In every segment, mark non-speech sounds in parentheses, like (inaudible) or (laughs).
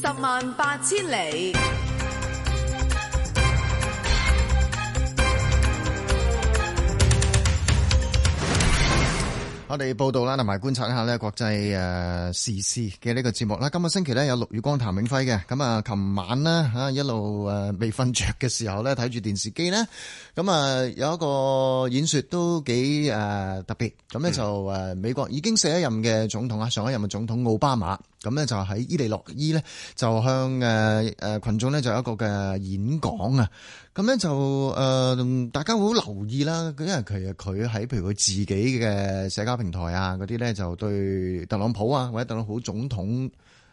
十萬八千里， (music) 我哋報道啦，同埋觀察一下呢國際誒、呃、時事嘅呢個節目啦。今個星期呢，有陸宇光、譚永輝嘅。咁啊，琴晚咧吓一路誒未瞓着嘅時候咧，睇住電視機呢。咁、呃、啊有一個演說都幾誒特別。咁呢、嗯，就誒、呃、美國已經卸一任嘅總統啊，上一任嘅總統奧巴馬。咁咧就喺伊利諾伊咧，就向誒誒羣眾咧就有一個嘅演講啊！咁咧就誒、呃、大家會好留意啦，因為其實佢喺譬如佢自己嘅社交平台啊嗰啲咧，就對特朗普啊或者特朗普總統誒、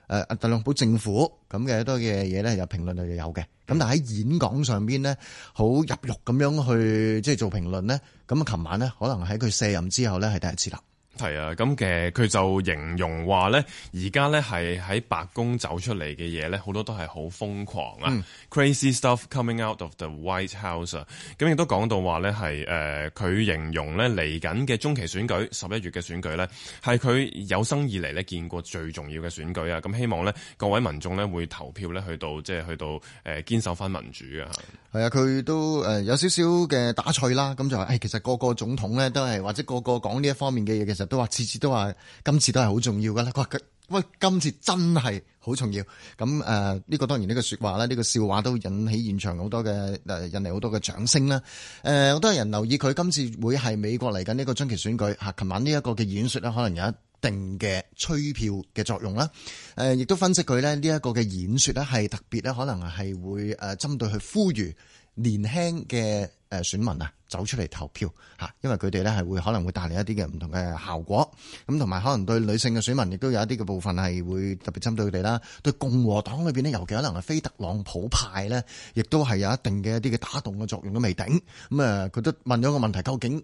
呃、特朗普政府咁嘅多嘅嘢咧，有評論就有嘅。咁但喺演講上邊咧，好入肉咁樣去即係做評論咧。咁啊，琴晚咧可能喺佢卸任之後咧，係第一次啦。係啊，咁嘅佢就形容話咧，而家咧係喺白宮走出嚟嘅嘢咧，好多都係好瘋狂啊、嗯、Crazy stuff coming out of the White House 啊，咁亦都講到話咧係誒佢形容咧嚟緊嘅中期選舉十一月嘅選舉咧，係佢有生以嚟咧見過最重要嘅選舉啊，咁希望咧各位民眾咧會投票咧去到即係、就是、去到誒、呃、堅守翻民主啊。係啊，佢都誒有少少嘅打趣啦，咁就話，誒其實個個總統咧都係，或者個個講呢一方面嘅嘢，其實都話次次都話今次都係好重要㗎喇。佢話喂，今次真係好重要。咁誒呢個當然呢個説話咧，呢、呢個笑話都引起現場好多嘅誒引嚟好多嘅掌聲啦。誒、嗯、我都有人留意佢今次會係美國嚟緊呢個中期選舉嚇，琴晚呢一個嘅演説咧，可能有。一。定嘅吹票嘅作用啦，誒亦都分析佢咧，呢一個嘅演說咧係特別咧，可能係會誒針對去呼籲年輕嘅誒選民啊走出嚟投票嚇，因為佢哋咧係會可能會帶嚟一啲嘅唔同嘅效果，咁同埋可能對女性嘅選民亦都有一啲嘅部分係會特別針對佢哋啦，對共和黨裏邊咧，尤其可能係非特朗普派咧，亦都係有一定嘅一啲嘅打動嘅作用都未定，咁啊佢都問咗個問題究竟，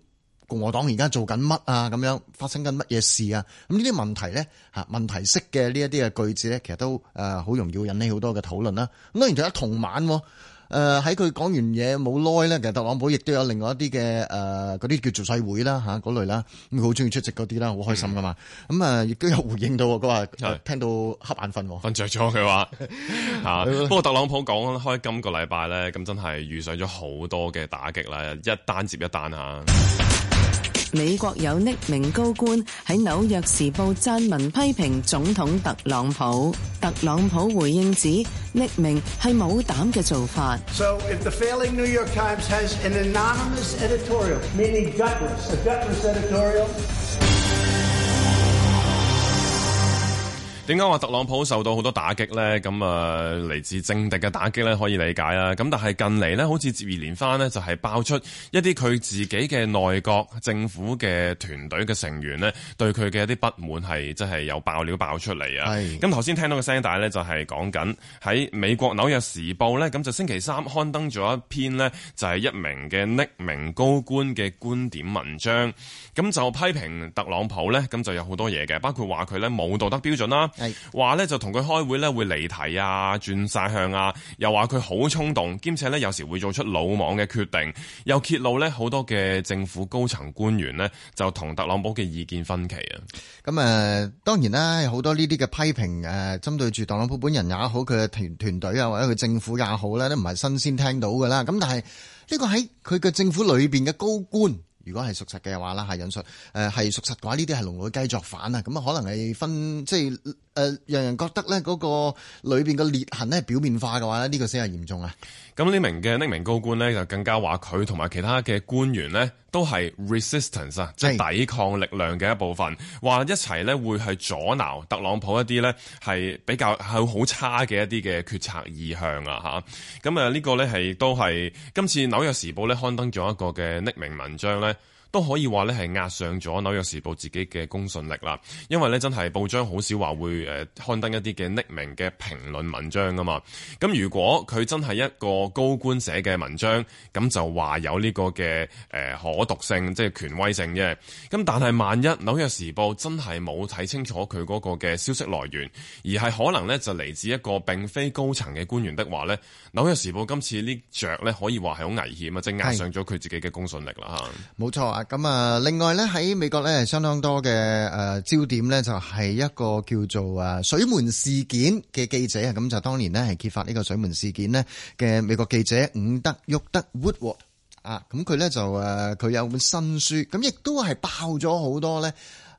(music) 共和黨而家做緊乜啊？咁樣發生緊乜嘢事啊？咁呢啲問題咧，吓問題式嘅呢一啲嘅句子咧，其實都誒好容易引起好多嘅討論啦。咁然之後同晚誒喺佢講完嘢冇耐咧，其實特朗普亦都有另外一啲嘅誒嗰啲叫做世會啦、啊、吓，嗰、啊、類啦，咁佢好中意出席嗰啲啦，好開心噶嘛。咁啊亦都有回應到佢、啊、話聽到瞌眼瞓、啊，瞓着咗佢話吓。不過特朗普講開今個禮拜咧，咁真係遇上咗好多嘅打擊啦，一單接一單吓。美國有匿名高官喺《紐約時報》撰文批評總統特朗普，特朗普回應指匿名係冇膽嘅做法。So, if the failing New York Times has an anonymous editorial, meaning gutless, a gutless editorial. 點解話特朗普受到好多打擊呢？咁啊，嚟自政敵嘅打擊呢，可以理解啦。咁但係近嚟呢，好似接二連番呢，就係、是、爆出一啲佢自己嘅內閣政府嘅團隊嘅成員呢，對佢嘅一啲不滿係真係有爆料爆出嚟啊！係咁頭先聽到個聲帶呢，就係講緊喺美國紐約時報呢。咁就星期三刊登咗一篇呢，就係、是、一名嘅匿名高官嘅觀點文章，咁就批評特朗普呢，咁就有好多嘢嘅，包括話佢呢冇道德標準啦。係話咧就同佢開會咧會離題啊，轉晒向啊，又話佢好衝動，兼且咧有時會做出魯莽嘅決定，又揭露咧好多嘅政府高層官員呢就同特朗普嘅意見分歧啊。咁啊、呃，當然啦，好多呢啲嘅批評誒，針、呃、對住特朗普本人也好，佢嘅團團隊啊，或者佢政府也好咧，都唔係新鮮聽到噶啦。咁但係呢、這個喺佢嘅政府裏邊嘅高官，如果係屬實嘅話啦，係引述誒係屬實嘅話，呢啲係籠裏雞作反啊。咁啊，可能係分即係。誒，讓、呃、人，人覺得咧嗰、那個裏邊嘅裂痕咧表面化嘅話咧，呢、這個先係嚴重啊！咁呢名嘅匿名高官咧，就更加話佢同埋其他嘅官員呢，都係 resistance 啊，即係抵抗力量嘅一部分，話是一齊呢，會係阻撓特朗普一啲呢，係比較係好差嘅一啲嘅決策意向啊！吓，咁誒呢個呢，係都係今次紐約時報咧刊登咗一個嘅匿名文章呢。都可以話咧係壓上咗紐約時報自己嘅公信力啦，因為咧真係報章好少話會誒刊登一啲嘅匿名嘅評論文章㗎嘛。咁如果佢真係一個高官寫嘅文章，咁就話有呢個嘅誒可讀性，即係權威性啫。咁但係萬一紐約時報真係冇睇清楚佢嗰個嘅消息來源，而係可能咧就嚟自一個並非高層嘅官員的話咧。紐約時報今次呢着咧可以話係好危險啊，正押上咗佢自己嘅公信力啦吓。冇錯啊，咁啊，另外咧喺美國咧相當多嘅誒、呃、焦點咧就係、是、一個叫做誒、啊、水門事件嘅記者啊，咁就當年呢，係揭發呢個水門事件咧嘅美國記者伍德沃德 Woodward 啊，咁佢咧就誒佢、呃、有本新書，咁亦都係爆咗好多咧。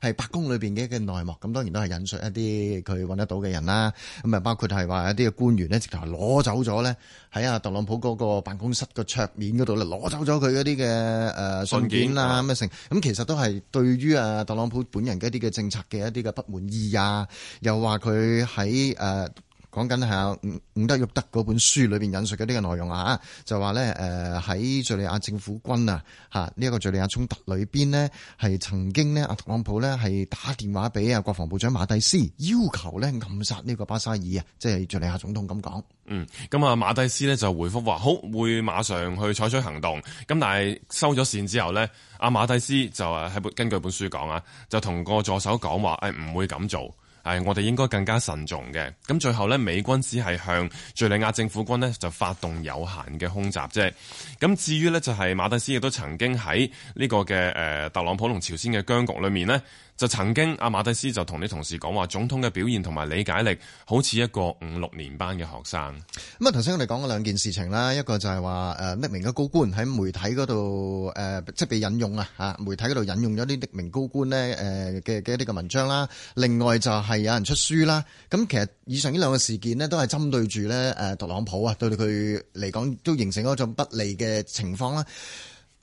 係白宮裏邊嘅嘅內幕，咁當然都係引述一啲佢揾得到嘅人啦。咁啊，包括係話一啲嘅官員咧，直頭係攞走咗咧，喺阿特朗普嗰個辦公室個桌面嗰度咧，攞走咗佢嗰啲嘅誒信件啊咁嘅成。咁其實都係對於阿特朗普本人嘅一啲嘅政策嘅一啲嘅不滿意啊，又話佢喺誒。呃講緊係伍德沃德嗰本書裏邊引述嘅呢個內容啊，就話咧，誒喺敘利亞政府軍啊，吓呢一個敘利亞衝突裏邊呢，係曾經呢，阿、啊、特朗普呢係打電話俾阿國防部長馬蒂斯，要求咧暗殺呢個巴沙爾啊，即係敘利亞總統咁講。嗯，咁啊馬蒂斯呢就回覆話好，會馬上去採取行動。咁但係收咗線之後呢，阿、啊、馬蒂斯就誒喺根據本書講啊，就同個助手講話，誒、哎、唔會咁做。係，我哋應該更加慎重嘅。咁最後咧，美軍只係向敍利亞政府軍呢就發動有限嘅空襲啫。咁至於咧，就係、是、馬特斯亦都曾經喺呢個嘅誒、呃、特朗普同朝鮮嘅僵局裏面呢。就曾經阿馬蒂斯就同啲同事講話，總統嘅表現同埋理解力好似一個五六年班嘅學生。咁啊，頭先我哋講過兩件事情啦，一個就係話誒匿名嘅高官喺媒體嗰度誒，即係被引用啊嚇，媒體嗰度引用咗啲匿名高官呢誒嘅嘅一啲嘅文章啦。另外就係有人出書啦。咁、啊、其實以上呢兩個事件呢，都係針對住咧誒特朗普啊，對佢嚟講都形成一種不利嘅情況啦。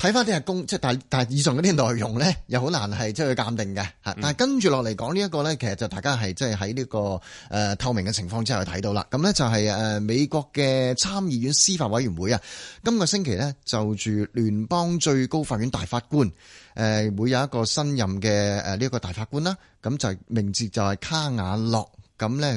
睇翻啲係公，即係但係但係以上嗰啲內容咧，又好難係即係去鑑定嘅嚇。嗯、但係跟住落嚟講呢一個咧，其實就大家係即係喺呢個誒透明嘅情況之下去睇到啦。咁咧就係、是、誒美國嘅參議院司法委員會啊，今個星期咧就住聯邦最高法院大法官誒會有一個新任嘅誒呢一個大法官啦。咁就名字就係卡瓦諾。咁咧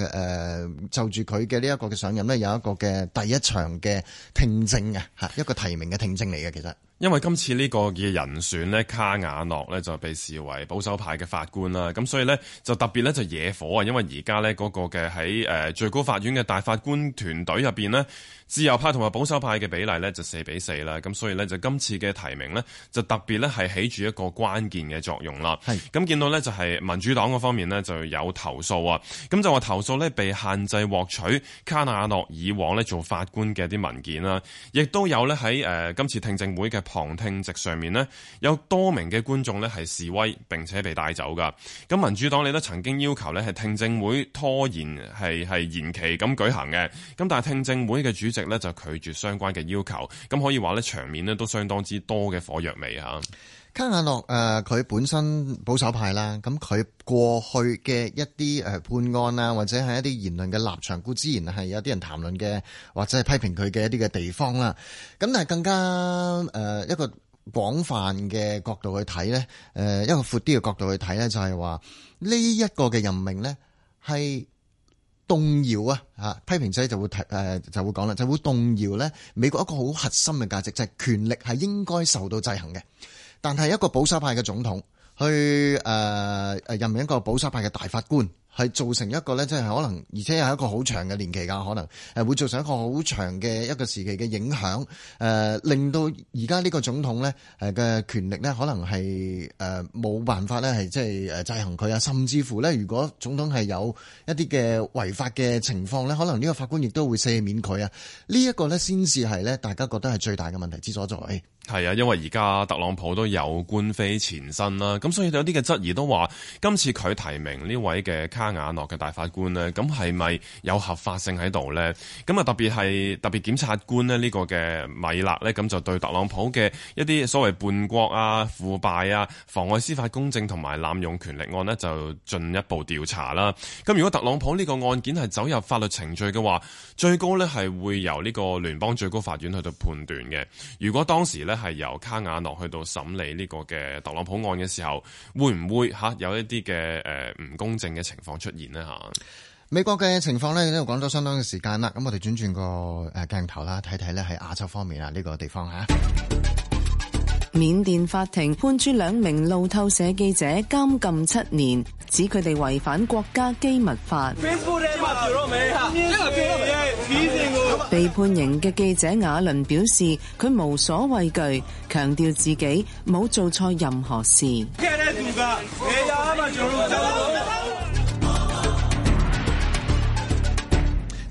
誒就住佢嘅呢一個嘅上任咧有一個嘅第一場嘅聽證嘅嚇，一個提名嘅聽證嚟嘅其實。因為今次呢個嘅人選呢，卡瓦諾呢就被視為保守派嘅法官啦，咁所以呢，就特別呢，就惹火啊，因為而家呢，嗰個嘅喺誒最高法院嘅大法官團隊入邊呢。自由派同埋保守派嘅比例呢，就四比四啦，咁所以呢，就今次嘅提名呢，就特別呢，係起住一個關鍵嘅作用啦。係咁是見到呢，就係、是、民主黨嗰方面呢，就有投訴啊，咁就話投訴呢，被限制獲取卡瓦諾以往呢，做法官嘅啲文件啦，亦都有呢，喺、呃、誒今次聽證會嘅旁聽席上面呢，有多名嘅觀眾呢，係示威並且被帶走噶。咁民主黨你都曾經要求呢，係聽證會拖延係係延期咁舉行嘅，咁但係聽證會嘅主席。咧就拒絕相關嘅要求，咁可以話咧場面咧都相當之多嘅火藥味嚇。卡瓦諾誒，佢、呃、本身保守派啦，咁佢過去嘅一啲誒判案啊，或者係一啲言論嘅立場，固然係有啲人談論嘅，或者係批評佢嘅一啲嘅地方啦。咁但係更加誒、呃、一個廣泛嘅角度去睇咧，誒、呃、一個闊啲嘅角度去睇咧，就係話呢一個嘅任命咧係。動搖啊！吓，批評者就會提誒就會講啦，就會動搖咧美國一個好核心嘅價值，就係、是、權力係應該受到制衡嘅。但係一個保守派嘅總統去誒誒、呃、任命一個保守派嘅大法官。係造成一個呢，即係可能，而且係一個好長嘅年期噶，可能係會造成一個好長嘅一個時期嘅影響。誒、呃，令到而家呢個總統呢誒嘅權力呢，可能係誒冇辦法呢，係即係誒制衡佢啊，甚至乎呢，如果總統係有一啲嘅違法嘅情況呢，可能呢個法官亦都會赦免佢啊。呢、這、一個呢，先至係呢，大家覺得係最大嘅問題之所在。哎係啊，因為而家特朗普都有官非纏身啦，咁所以有啲嘅質疑都話，今次佢提名呢位嘅卡瓦諾嘅大法官呢，咁係咪有合法性喺度呢？咁啊特別係特別檢察官呢，呢個嘅米勒呢，咁就對特朗普嘅一啲所謂叛國啊、腐敗啊、妨礙司法公正同埋濫用權力案呢，就進一步調查啦。咁如果特朗普呢個案件係走入法律程序嘅話，最高呢係會由呢個聯邦最高法院去到判斷嘅。如果當時呢……係由卡瓦諾去到審理呢個嘅特朗普案嘅時候，會唔會吓有一啲嘅誒唔公正嘅情況出現呢？吓？美國嘅情況咧，已經講咗相當嘅時間啦。咁我哋轉轉個誒鏡頭啦，睇睇咧喺亞洲方面啊，呢、這個地方吓。啊緬甸法庭判處兩名路透社記者監禁七年，指佢哋違反國家機密法。被判刑嘅記者亞倫表示，佢無所畏懼，強調自己冇做錯任何事。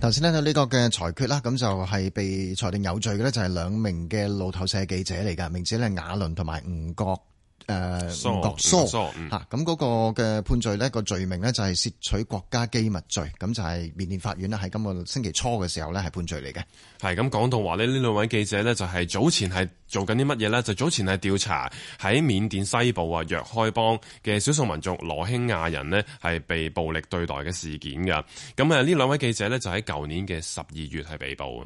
頭先咧，呢個嘅裁決啦，咁就係被裁定有罪嘅咧，就係、是、兩名嘅路透社記者嚟噶，名字咧雅倫同埋吳國，誒吳蘇吓，咁嗰個嘅判罪呢，個罪名呢，就係竊取國家機密罪，咁就係緬甸法院呢，喺今個星期初嘅時候咧係判罪嚟嘅，係咁講到話呢，呢兩位記者呢，就係早前係。做緊啲乜嘢呢？就早前係調查喺緬甸西部啊，若開邦嘅少數民族羅興亞人呢係被暴力對待嘅事件㗎。咁啊，呢兩位記者呢，就喺舊年嘅十二月係被捕嘅，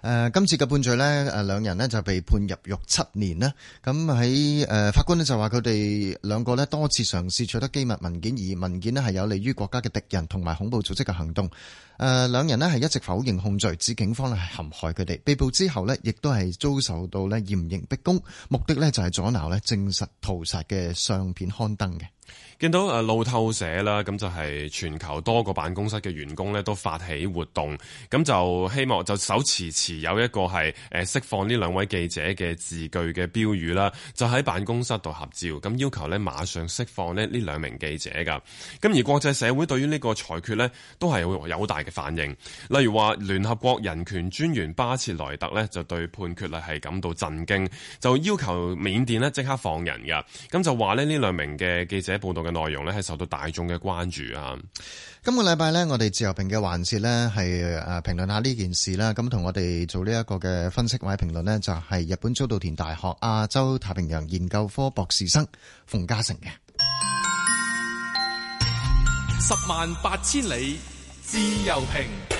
呃。今次嘅判罪呢，誒兩人呢就被判入獄七年啦。咁喺誒法官呢，就話佢哋兩個呢多次嘗試取得機密文件，而文件呢係有利於國家嘅敵人同埋恐怖組織嘅行動。誒、呃，兩人呢係一直否認控罪，指警方咧係陷害佢哋。被捕之後呢，亦都係遭受到咧嚴唔刑逼供，目的咧就係阻撓咧證實屠殺嘅相片刊登嘅。見到誒路透社啦，咁就係全球多個辦公室嘅員工咧都發起活動，咁就希望就手持持有一個係誒釋放呢兩位記者嘅字句嘅標語啦，就喺辦公室度合照，咁要求咧馬上釋放咧呢兩名記者噶。咁而國際社會對於呢個裁決咧都係好有大嘅反應，例如話聯合國人權專員巴切萊特咧就對判決咧係感到震。就要求緬甸呢即刻放人㗎，咁就話呢呢兩名嘅記者報道嘅內容呢係受到大眾嘅關注啊！今個禮拜呢，我哋自由評嘅環節呢係誒評論下呢件事啦，咁同我哋做呢一個嘅分析或者評論呢，就係日本早稻田大學亞洲太平洋研究科博士生馮嘉誠嘅。十萬八千里自由評。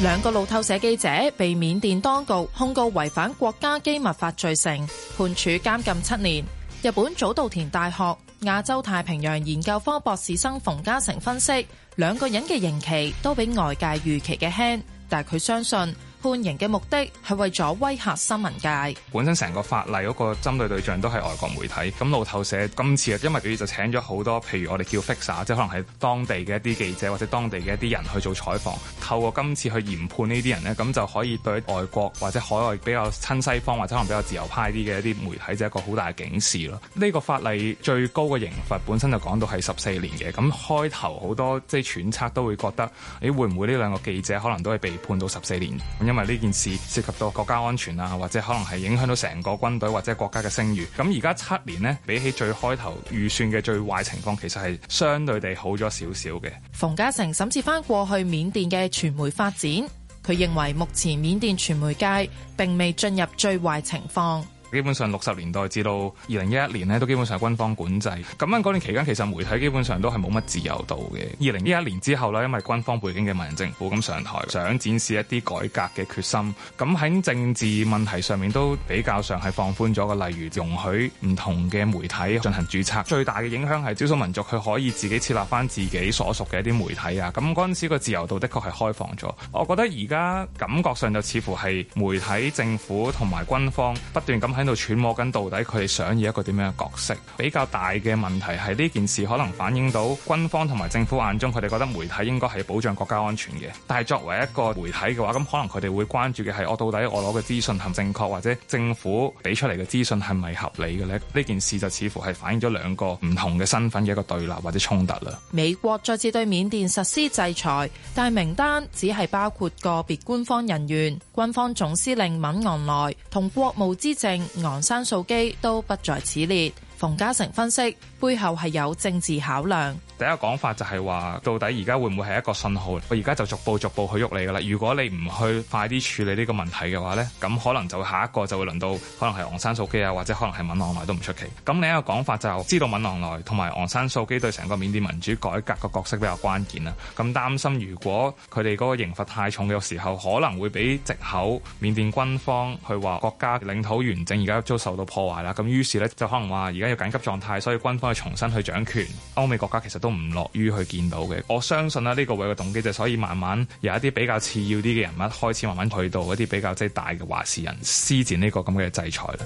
兩個路透社記者被緬甸當局控告違反國家機密法罪成，判處監禁七年。日本早稻田大學亞洲太平洋研究科博士生馮嘉誠分析，兩個人嘅刑期都比外界預期嘅輕，但佢相信，判刑嘅目的係為咗威嚇新聞界。本身成個法例嗰個針對對象都係外國媒體。咁路透社今次啊，因為佢就請咗好多，譬如我哋叫 fixer，即係可能係當地嘅一啲記者或者當地嘅一啲人去做採訪。透過今次去研判呢啲人呢，咁就可以對外國或者海外比較親西方或者可能比較自由派啲嘅一啲媒體，就係一個好大嘅警示咯。呢個法例最高嘅刑罰本身就講到係十四年嘅。咁開頭好多即係揣測都會覺得，咦會唔會呢兩個記者可能都係被判到十四年？因為呢件事涉及到國家安全啊，或者可能係影響到成個軍隊或者國家嘅聲譽。咁而家七年呢，比起最開頭預算嘅最壞情況，其實係相對地好咗少少嘅。馮嘉誠審視翻過去緬甸嘅傳媒發展，佢認為目前緬甸傳媒界並未進入最壞情況。基本上六十年代至到二零一一年呢都基本上係軍方管制。咁樣嗰段期間其實媒體基本上都係冇乜自由度嘅。二零一一年之後呢，因為軍方背景嘅文人政府咁上台，想展示一啲改革嘅決心，咁喺政治問題上面都比較上係放寬咗嘅。例如容許唔同嘅媒體進行注冊，最大嘅影響係少數民族佢可以自己設立翻自己所屬嘅一啲媒體啊。咁嗰陣時個自由度的確係開放咗。我覺得而家感覺上就似乎係媒體政府同埋軍方不斷咁。喺度揣摩緊到底佢哋想要一個點樣嘅角色。比較大嘅問題，係呢件事可能反映到軍方同埋政府眼中，佢哋覺得媒體應該，係保障國家安全嘅。但係作為一個媒體嘅話，咁可能佢哋會關注嘅係我到底我攞嘅資訊係唔正確，或者政府俾出嚟嘅資訊，係咪合理嘅咧？呢件事就似乎係反映咗兩個唔同嘅身份嘅一個對立或者衝突啦。美國再次對緬甸實施制裁，但係名單只係包括個別官方人員，軍方總司令敏昂萊同國務資政，昂山素姬都不在此列。馮嘉誠分析，背後係有政治考量。第一個講法就係話，到底而家會唔會係一個信號？我而家就逐步逐步去喐你噶啦。如果你唔去快啲處理呢個問題嘅話呢，咁可能就下一個就會輪到可能係昂山素姬啊，或者可能係敏昂萊都唔出奇。咁另一個講法就是、知道敏昂萊同埋昂山素姬對成個緬甸民主改革個角色比較關鍵啦。咁擔心如果佢哋嗰個刑罰太重嘅時候，可能會俾藉口緬甸軍方去話國家領土完整而家遭受到破壞啦。咁於是呢，就可能話而家要緊急狀態，所以軍方去重新去掌權。歐美國家其實都都唔樂於去見到嘅，我相信啦，呢個位嘅動機就所以慢慢由一啲比較次要啲嘅人物開始慢慢去到一啲比較即係、就是、大嘅話事人施展呢個咁嘅制裁啦。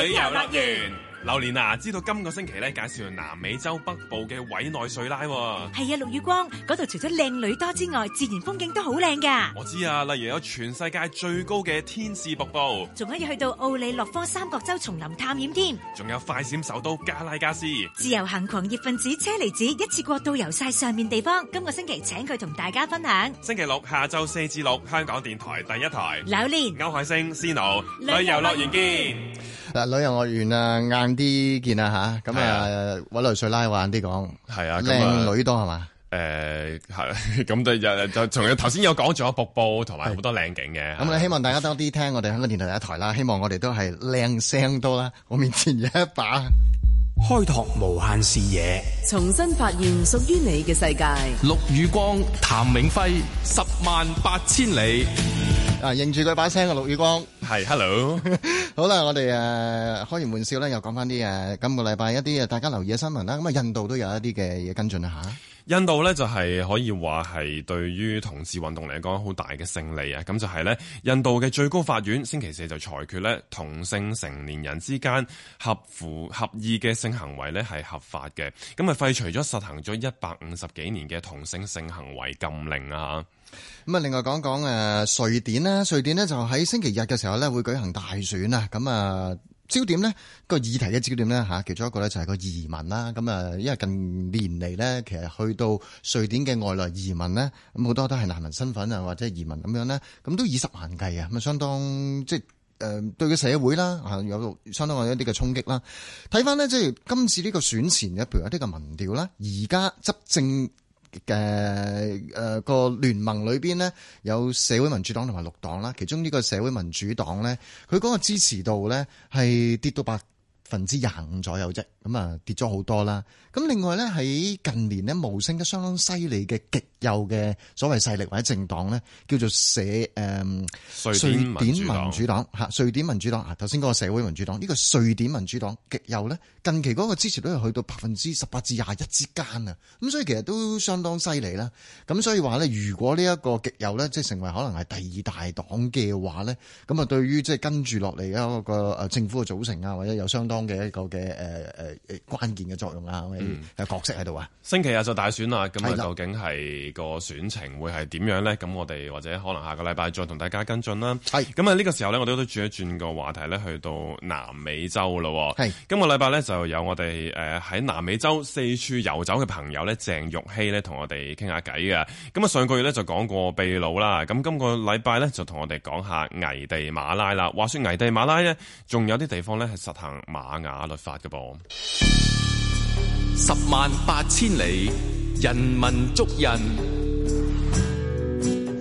旅遊樂園。榴槤啊，知道今個星期咧介紹南美洲北部嘅委內瑞拉。係啊，陸宇、啊、光嗰度除咗靚女多之外，自然風景都好靚噶。我知啊，例如有全世界最高嘅天使瀑布，仲可以去到奧利諾科三角洲叢林探險添、啊，仲有快閃首都加拉加斯。自由行狂熱分子車厘子一次過導遊晒上面地方，今個星期請佢同大家分享。星期六下晝四至六，香港電台第一台。榴槤，歐海星 Snow 旅遊樂園見。嗱，旅遊樂園啊，晏啲見啊。吓，咁啊搵流水拉，玩啲講，係、呃、啊，靚 (laughs) 女多係嘛？誒、啊、係、啊，咁就又就從頭先有講咗瀑布同埋好多靚景嘅，咁我希望大家多啲聽我哋香港電台第一台啦，希望我哋都係靚聲多啦，我面前有一把。開拓無限視野，重新發現屬於你嘅世界。陸宇光，譚永輝，十萬八千里。啊，認住佢把聲嘅陸宇光係，Hello。 (laughs) 好啦，我哋誒、啊、開完玩笑咧，又講翻啲誒今個禮拜一啲誒大家留意嘅新聞啦。咁啊，印度都有一啲嘅嘢跟進啦吓。印度咧就係可以話係對於同志運動嚟講好大嘅勝利啊！咁就係咧，印度嘅最高法院星期四就裁決咧，同性成年人之間合乎合意嘅性行為咧係合法嘅，咁啊廢除咗實行咗一百五十幾年嘅同性性行為禁令啊！吓，咁啊另外講講誒，瑞典啦。瑞典呢，就喺星期日嘅時候咧會舉行大選啊！咁啊。焦點呢個議題嘅焦點呢，嚇，其中一個呢就係個移民啦。咁啊，因為近年嚟呢，其實去到瑞典嘅外來移民呢，咁好多都係難民身份啊，或者移民咁樣呢，咁都以十萬計啊，咁啊相當即係誒對個社會啦啊有相當有一啲嘅衝擊啦。睇翻呢，即係今次呢個選前嘅，譬如有啲嘅民調啦，而家執政，嘅誒、呃呃、個聯盟裏邊咧，有社會民主黨同埋綠黨啦。其中呢個社會民主黨咧，佢嗰個支持度咧，係跌到百分之廿五左右啫，咁啊跌咗好多啦。咁另外咧，喺近年咧無升得相當犀利嘅極右嘅所謂勢力或者政黨咧，叫做社誒瑞典民主黨嚇，瑞典民主黨，民主黨啊，頭先嗰個社會民主黨呢、呢個瑞典民主黨極右咧，近期嗰個支持率都係去到百分之十八至廿一之間啊，咁所以其實都相當犀利啦。咁所以話咧，如果呢一個極右咧即係成為可能係第二大黨嘅話咧，咁啊對於即係跟住落嚟一個個政府嘅組成啊，或者有相當。嘅一個嘅誒誒誒關鍵嘅作用啦、啊，嗯、角色喺度啊。星期日就大選啦，咁究竟係、個選情會係點樣咧？咁我哋或者可能下個禮拜再同大家跟進啦。係咁啊，呢個時候咧，我哋都轉一轉個話題咧，去到南美洲咯。係是今個禮拜咧，就有我哋誒喺南美洲四處遊走嘅朋友咧，鄭鈺憙咧，同我哋傾下偈嘅。咁啊，上個月咧就講過秘魯啦，咁今個禮拜咧就同我哋講下危地馬拉啦。話説危地馬拉咧，仲有啲地方咧係實行瑪雅律法嘅噃，十萬八千里，人文足印。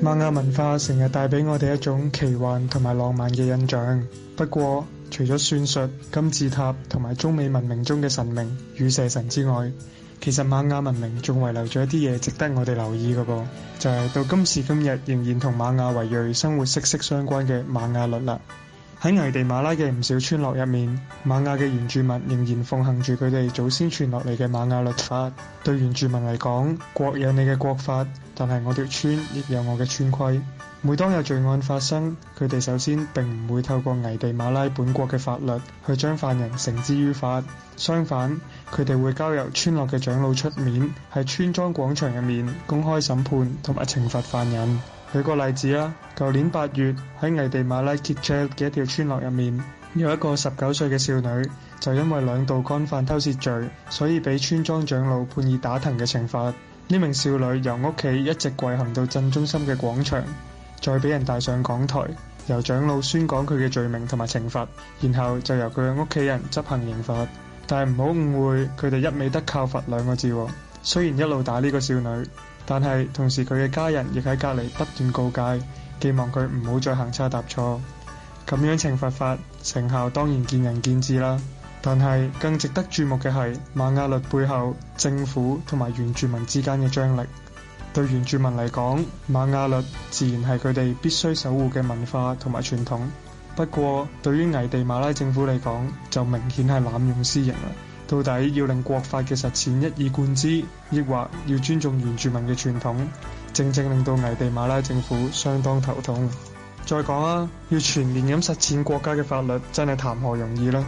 瑪雅文化成日帶俾我哋一種奇幻同埋浪漫嘅印象。不過，除咗算術、金字塔同埋中美文明中嘅神明羽蛇神之外，其實瑪雅文明仲遺留咗一啲嘢值得我哋留意嘅噃，就係、是、到今時今日仍然同瑪雅維瑞生活息息相關嘅瑪雅律法。喺危地馬拉嘅唔少村落入面，瑪雅嘅原住民仍然奉行住佢哋祖先傳落嚟嘅瑪雅律法。對原住民嚟講，國有你嘅國法，但係我條村亦有我嘅村規。每當有罪案發生，佢哋首先並唔會透過危地馬拉本國嘅法律去將犯人繩之於法。相反，佢哋會交由村落嘅長老出面喺村莊廣場入面公開審判同埋懲罰犯人。舉個例子啊，舊年八月喺危地馬拉切車嘅一條村落入面，有一個十九歲嘅少女就因為兩度干犯偷竊罪，所以俾村莊長老判以打藤嘅懲罰。呢名少女由屋企一直跪行到鎮中心嘅廣場。再俾人帶上講台，由長老宣講佢嘅罪名同埋懲罰，然後就由佢嘅屋企人執行刑罰。但係唔好誤會，佢哋一味得靠罰兩個字喎。雖然一路打呢個少女，但係同時佢嘅家人亦喺隔離不斷告誡，寄望佢唔好再行差踏錯。咁樣懲罰法成效當然見仁見智啦。但係更值得注目嘅係瑪雅律背後政府同埋原住民之間嘅張力。對原住民嚟講，瑪雅律自然係佢哋必須守護嘅文化同埋傳統。不過，對於危地馬拉政府嚟講，就明顯係濫用私刑啦。到底要令國法嘅實踐一以貫之，抑或要尊重原住民嘅傳統，正正令到危地馬拉政府相當頭痛。再講啦，啊，要全面咁實踐國家嘅法律，真係談何容易啦。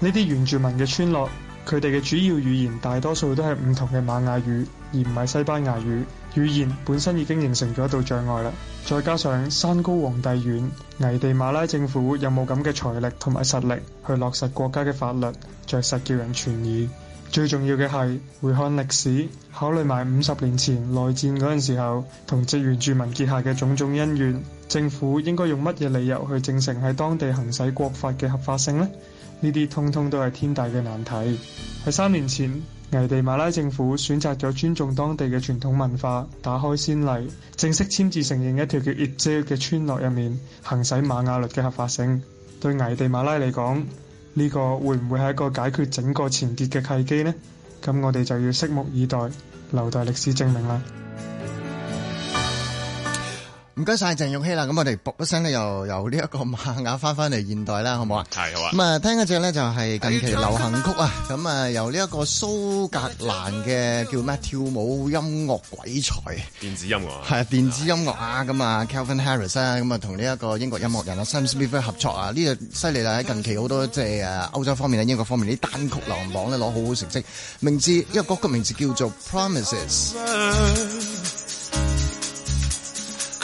呢啲原住民嘅村落，佢哋嘅主要語言大多數都係唔同嘅瑪雅語，而唔係西班牙語。語言本身已經形成咗一道障礙啦，再加上山高皇帝遠，危地馬拉政府有冇咁嘅財力同埋實力去落實國家嘅法律，着實叫人存疑。最重要嘅係回看歷史，考慮埋五十年前內戰嗰陣時候同植園住民結下嘅種種恩怨，政府應該用乜嘢理由去證成喺當地行使國法嘅合法性呢？呢啲通通都係天大嘅難題。喺三年前，危地馬拉政府選擇咗尊重當地嘅傳統文化，打開先例，正式簽字承認一條叫葉蕉嘅村落入面行使馬雅律嘅合法性。對危地馬拉嚟講，呢個會唔會係一個解決整個前結嘅契機呢？咁我哋就要拭目以待，留待歷史證明啦。唔該晒鄭鈺憙啦，咁我哋卜嗰聲咧又由呢一個瑪雅翻翻嚟現代啦，好唔好啊？係好啊！咁啊，聽嗰隻咧就係近期流行曲啊，咁啊由呢一個蘇格蘭嘅叫咩跳舞音樂鬼才，電子音樂啊，係電子音樂啊咁啊，Calvin Harris 啊，咁啊同呢一個英國音樂人啊 Sam Smith 合作啊，呢隻犀利啦，喺近期好多即係誒歐洲方面啊，英國方面啲單曲榜榜咧攞好好成績，名字，一首歌曲名字叫做 Promises。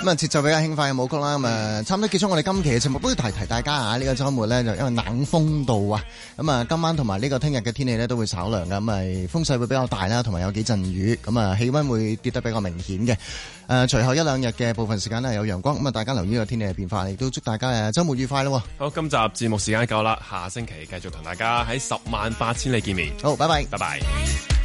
咁啊，節奏比較輕快嘅舞曲啦，咁啊，差唔多結束我哋今期嘅節目，不如提提大家啊！呢個周末咧，就因為冷鋒到啊，咁啊，今晚同埋呢個聽日嘅天氣咧都會稍涼嘅，咁係風勢會比較大啦，同埋有幾陣雨，咁啊，氣温會跌得比較明顯嘅。誒、呃，隨後一兩日嘅部分時間呢，有陽光，咁啊，大家留意個天氣嘅變化，亦都祝大家誒週末愉快咯。好，今集節目時間夠啦，下星期繼續同大家喺十萬八千里見面。好，拜拜，拜拜。